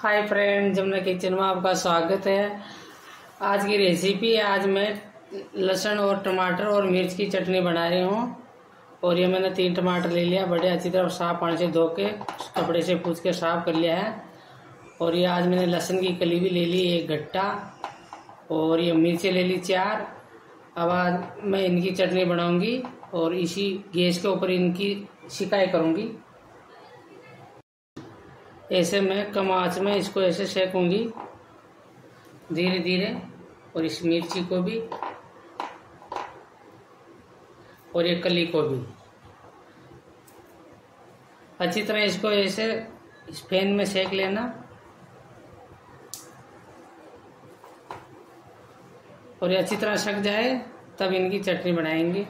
हाय friend Jamuna kitchen में आपका स्वागत है आज की रेसिपी है आज मैं लहसुन और टमाटर और मिर्च की चटनी बना रही हूँ और ये मैंने तीन टमाटर ले लिया बड़े अच्छी तरह साफ पानी से धो के कपड़े से पूछ के साफ कर लिया है और ये आज मैंने लहसुन की कली भी ले ली एक गट्टा और ये मिर्चें ले ली चार अब आज मैं इनकी चटनी बनाऊँगी और इसी गैस के ऊपर इनकी शिकायत करूँगी ऐसे मैं कम आँच में इसको ऐसे सेकूँगी धीरे धीरे और इस मिर्ची को भी और ये कली को भी अच्छी तरह इसको ऐसे इस पैन में सेक लेना और ये अच्छी तरह सक जाए तब इनकी चटनी बनाएंगे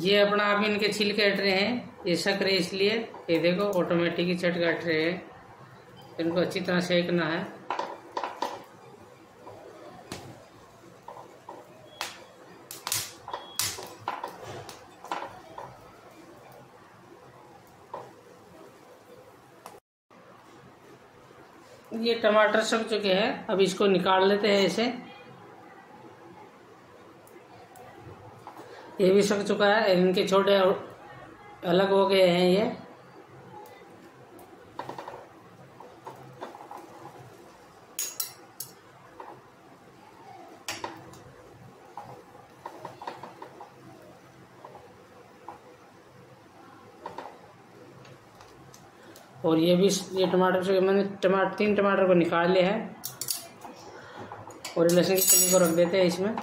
ये अपना आप इनके छिल कट रहे हैं ये शक रहे इसलिए ये देखो ऑटोमेटिक ही छट काट रहे हैं इनको अच्छी तरह सेकना है ये टमाटर सक चुके हैं अब इसको निकाल लेते हैं ऐसे ये भी सक चुका है इनके छोटे अलग हो गए हैं ये और ये भी ये टमाटर से मैंने टमाटर तीन टमाटर को निकाल लिया है और लहसुन की कली को रख देते हैं इसमें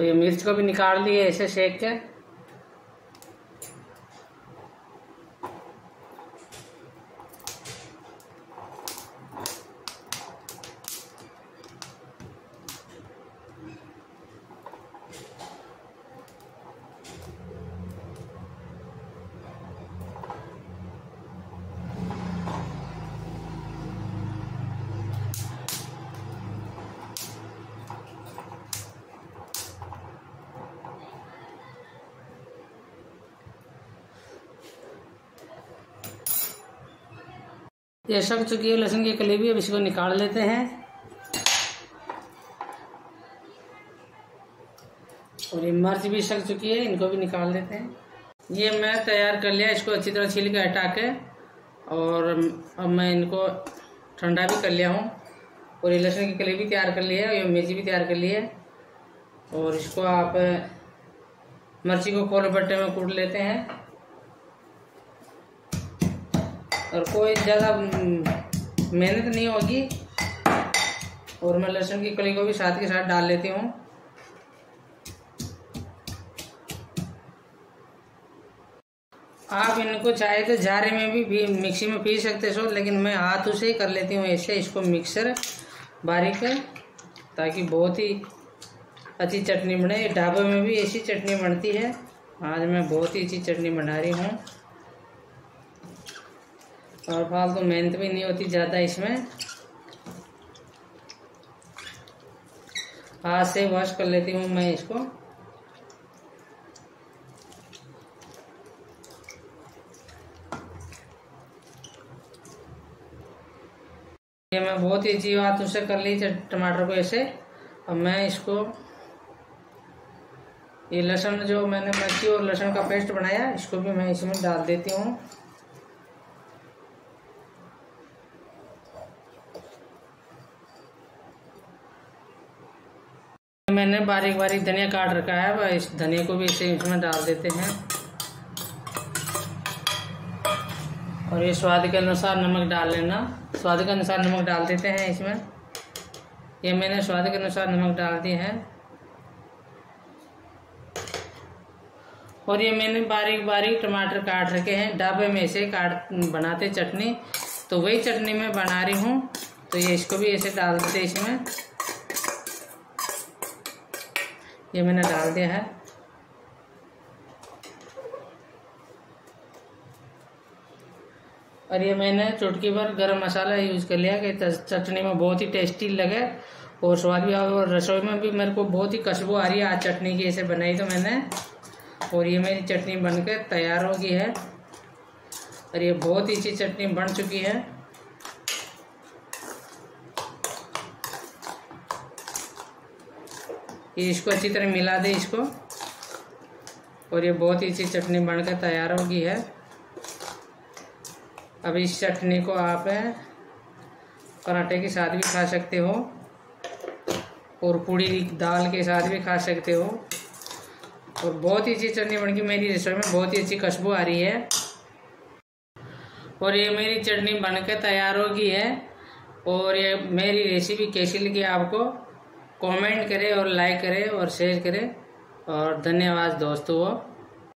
तो ये मिर्च को भी निकाल लिए ऐसे सेक के ये सक चुकी है लहसुन की कली भी अब इसको निकाल लेते हैं और ये मर्च भी सक चुकी है इनको भी निकाल देते हैं ये मैं तैयार कर लिया इसको अच्छी तरह छील के हटा के और अब मैं इनको ठंडा भी कर लिया हूँ और ये लहसुन की कली भी तैयार कर ली है और ये मिर्ची भी तैयार कर ली है और इसको आप मिर्ची को कोल भट्टे में कूट लेते हैं और कोई ज़्यादा हम्म, मेहनत नहीं होगी और मैं लहसुन की कली को भी साथ के साथ डाल लेती हूँ आप इनको चाहे तो जारे में भी, भी मिक्सी में पी सकते हो लेकिन मैं हाथ उसे ही कर लेती हूँ ऐसे इसको मिक्सर बारीक ताकि बहुत ही अच्छी चटनी बने ढाबे में भी ऐसी चटनी बनती है आज मैं बहुत ही अच्छी चटनी बना रही हूँ और फालतू मेहनत भी नहीं होती ज़्यादा इसमें हाथ से वॉश कर लेती हूँ मैं इसको ये मैं बहुत ही अच्छी बात उसे कर ली टमाटर को ऐसे अब मैं इसको ये लहसुन जो मैंने मच्छी और लहसुन का पेस्ट बनाया इसको भी मैं इसमें डाल देती हूँ मैंने बारीक बारीक धनिया काट रखा है इस धनिया को भी इसे इसमें डाल देते हैं और ये स्वाद के अनुसार नमक डाल लेना स्वाद के अनुसार नमक डाल देते हैं इसमें ये मैंने स्वाद के अनुसार नमक डाल दिए हैं और ये मैंने बारीक बारीक टमाटर काट रखे हैं ढाबे में से काट बनाते चटनी तो वही चटनी मैं बना रही हूँ तो ये इसको भी ऐसे डाल देते इसमें ये मैंने डाल दिया है और ये मैंने चुटकी भर गरम मसाला यूज़ कर लिया कि चटनी में बहुत ही टेस्टी लगे और स्वाद भी और रसोई में भी मेरे को बहुत ही खुशबू आ रही है आज चटनी की ऐसे बनाई तो मैंने और ये मेरी चटनी बनकर तैयार हो गई है और ये बहुत ही अच्छी चटनी बन चुकी है ये इसको अच्छी तरह मिला दें इसको और ये बहुत ही अच्छी चटनी बनकर तैयार होगी है अब इस चटनी को आप पराठे के साथ भी खा सकते हो और पूड़ी दाल के साथ भी खा सकते हो और बहुत ही अच्छी चटनी बनकर मेरी रेस्टोरेंट में बहुत ही अच्छी खुशबू आ रही है और ये मेरी चटनी बनकर तैयार होगी है और ये मेरी रेसिपी कैसी लगी आपको कमेंट करें और लाइक करें और शेयर करें और धन्यवाद दोस्तों